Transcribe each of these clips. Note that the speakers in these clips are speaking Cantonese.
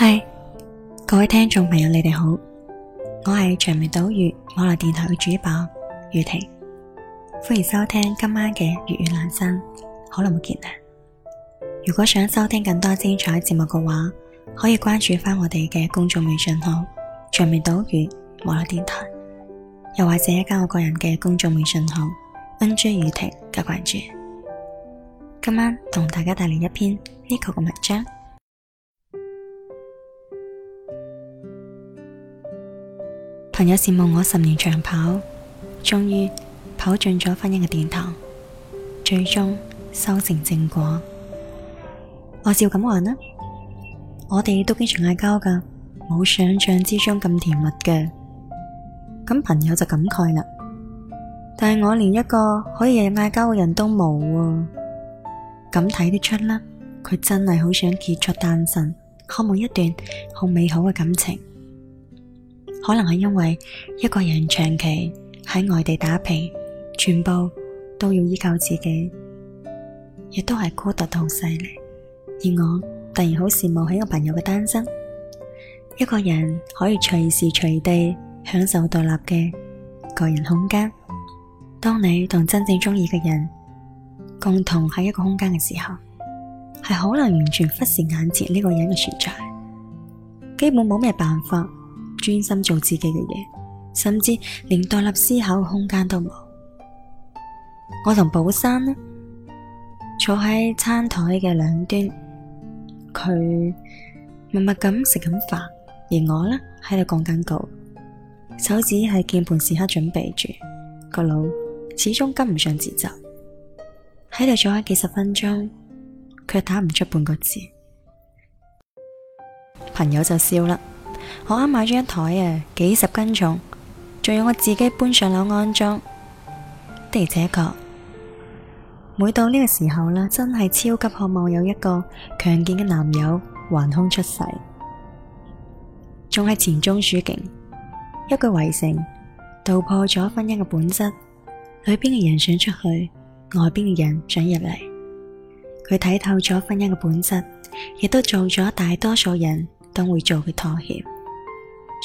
嗨，hey, 各位聽眾朋友，你哋好，我係長尾島粵網絡電台嘅主播雨婷，歡迎收聽今晚嘅粵語朗聲，好耐冇見啦。如果想收聽更多精彩節目嘅話，可以關注翻我哋嘅公眾微信號長尾島粵網絡電台，又或者加我個人嘅公眾微信號 nj 雨婷嘅關注。今晚同大家帶嚟一篇 Nico 嘅文章。朋友羨慕我十年長跑，終於跑進咗婚姻嘅殿堂，最終修成正果。我笑咁話啦：我哋都經常嗌交㗎，冇想象之中咁甜蜜嘅。咁朋友就感慨啦，但係我連一個可以日日嗌交嘅人都冇。咁睇得出啦，佢真係好想結束單身，渴望一段好美好嘅感情。可能係因為一個人長期喺外地打拼，全部都要依靠自己，亦都係孤獨到好犀利。而我突然好羨慕起我朋友嘅單身，一個人可以隨時隨地享受獨立嘅個人空間。當你同真正中意嘅人共同喺一個空間嘅時候，係可能完全忽視眼前呢個人嘅存在，基本冇咩辦法。專心做自己嘅嘢，甚至連獨立思考嘅空間都冇。我同寶生呢，坐喺餐台嘅兩端，佢默默咁食緊飯，而我呢，喺度講緊稿，手指係鍵盤時刻準備住，個腦始終跟唔上節奏，喺度坐喺幾十分鐘，卻打唔出半個字。朋友就笑啦。我啱買張台啊，幾十斤重，仲要我自己搬上樓安裝。的而且確，每到呢個時候呢，真係超級渴望有一個強健嘅男友橫空出世。仲係錢鍾書勁，一句圍城道破咗婚姻嘅本質，裏邊嘅人想出去，外邊嘅人想入嚟。佢睇透咗婚姻嘅本質，亦都做咗大多數人都會做嘅妥協，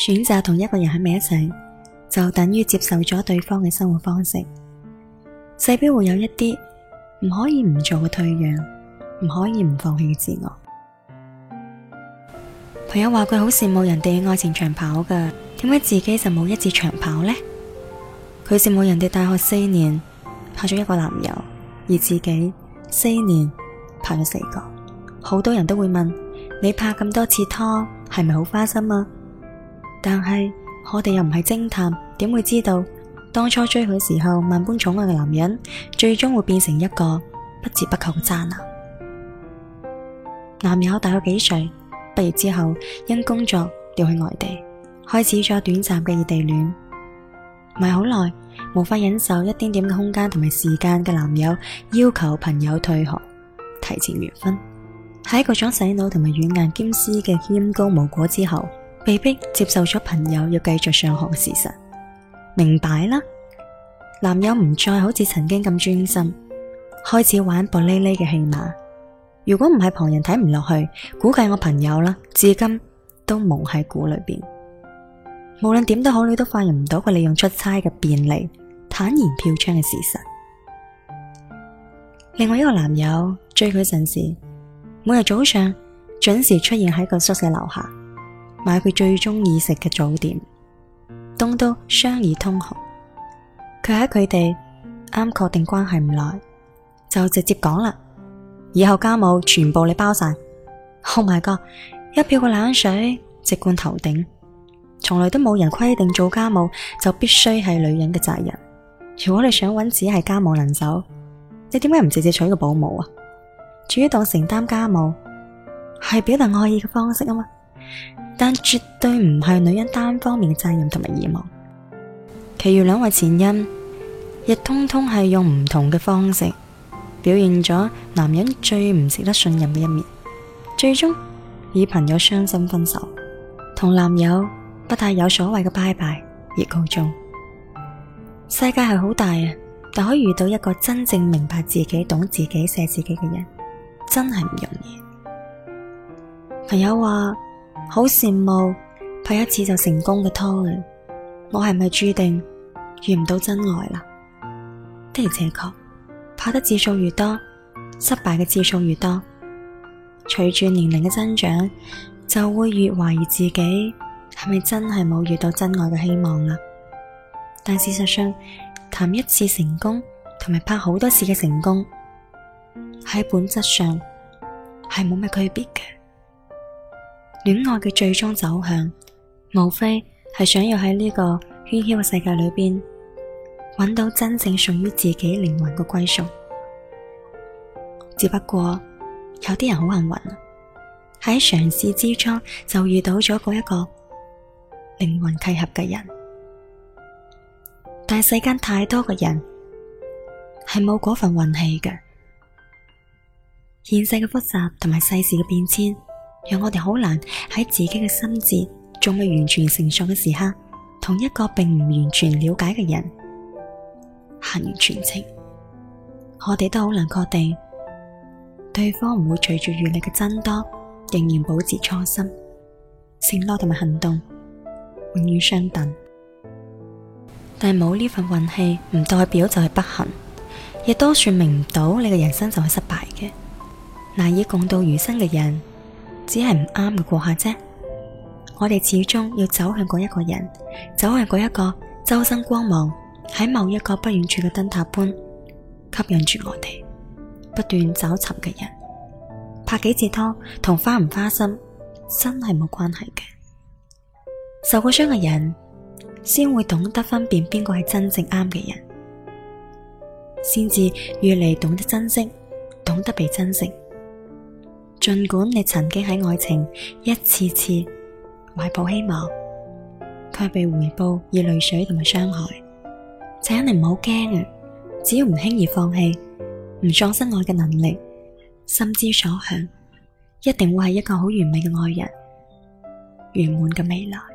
選擇同一個人喺埋一齊，就等於接受咗對方嘅生活方式。勢必會有一啲唔可以唔做嘅退讓，唔可以唔放棄嘅自我。朋友話佢好羨慕人哋嘅愛情長跑㗎，點解自己就冇一次長跑呢？佢羨慕人哋大學四年拍咗一個男友，而自己四年拍咗四個。好多人都會問。你拍咁多次拖，係咪好花心啊？但係我哋又唔係偵探，點會知道當初追佢時候萬般寵愛嘅男人，最終會變成一個不折不扣嘅渣男？男友大佢幾歲，畢業之後因工作調去外地，開始咗短暫嘅異地戀。唔係好耐，無法忍受一丁點嘅空間同埋時間嘅男友，要求朋友退學，提前完婚。喺一個種洗腦同埋軟硬兼施嘅勸告無果之後，被迫接受咗朋友要繼續上學嘅事實，明白啦。男友唔再好似曾經咁專心，開始玩玻璃咧嘅戲碼。如果唔係旁人睇唔落去，估計我朋友啦至今都蒙喺鼓裏邊。無論點都好，你都發現唔到佢利用出差嘅便利坦然嫖娼嘅事實。另外一個男友追佢陣時。每日早上準時出現喺個宿舍樓下買佢最中意食嘅早點，凍到雙耳通紅。佢喺佢哋啱確定關係唔耐，就直接講啦：以後家務全部你包晒。我埋個一票個冷水直灌頭頂，從來都冇人規定做家務就必須係女人嘅責任。如果你想揾只係家務能手，你點解唔直接娶個保姆啊？主動承擔家務係表達愛意嘅方式啊嘛，但絕對唔係女人單方面嘅責任同埋義務。其餘兩位前因亦通通係用唔同嘅方式表現咗男人最唔值得信任嘅一面，最終以朋友傷心分手，同男友不太有所謂嘅拜拜而告終。世界係好大啊，但可以遇到一個真正明白自己、懂自己、錫自己嘅人。真係唔容易。朋友話好羨慕拍一次就成功嘅拖，我係咪注定遇唔到真愛啦？的而且確，拍得次數越多，失敗嘅次數越多，隨住年齡嘅增長，就會越懷疑自己係咪真係冇遇到真愛嘅希望啦。但事實上，談一次成功同埋拍好多次嘅成功。喺本質上係冇咩區別嘅，戀愛嘅最終走向，無非係想要喺呢個喧囂嘅世界裏邊，揾到真正屬於自己靈魂嘅歸屬。只不過有啲人好幸運，喺嘗試之中就遇到咗嗰一個靈魂契合嘅人，但世間太多嘅人係冇嗰份運氣嘅。現世嘅複雜同埋世事嘅變遷，讓我哋好難喺自己嘅心智仲未完全成熟嘅時刻，同一個並唔完全了解嘅人行完全程。我哋都好難確定對方唔會隨住閱歷嘅增多，仍然保持初心、承諾同埋行動永遠相等。但係冇呢份運氣，唔代表就係不幸，亦都說明唔到你嘅人生就係失敗嘅。難以共度餘生嘅人，只係唔啱嘅過客啫。我哋始終要走向嗰一個人，走向嗰一個周身光芒喺某一個不遠處嘅燈塔般吸引住我哋，不斷找尋嘅人，拍幾次拖同花唔花心，真係冇關係嘅。受過傷嘅人，先會懂得分辨邊個係真正啱嘅人，先至越嚟，懂得珍惜，懂得被珍惜。儘管你曾經喺愛情一次次懷抱希望，卻被回報以淚水同埋傷害，請你唔好驚啊！只要唔輕易放棄，唔喪失愛嘅能力，心之所向，一定會係一個好完美嘅愛人，圓滿嘅未來。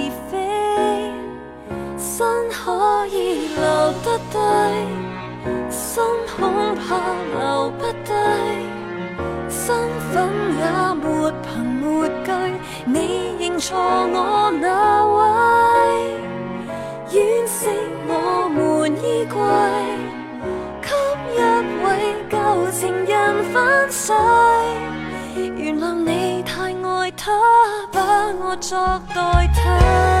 可以留得低，心恐怕留不低。身份也沒憑沒據，你認錯我哪位？惋惜我換衣櫃，給一位舊情人翻晒。原諒你太愛他，把我作代替。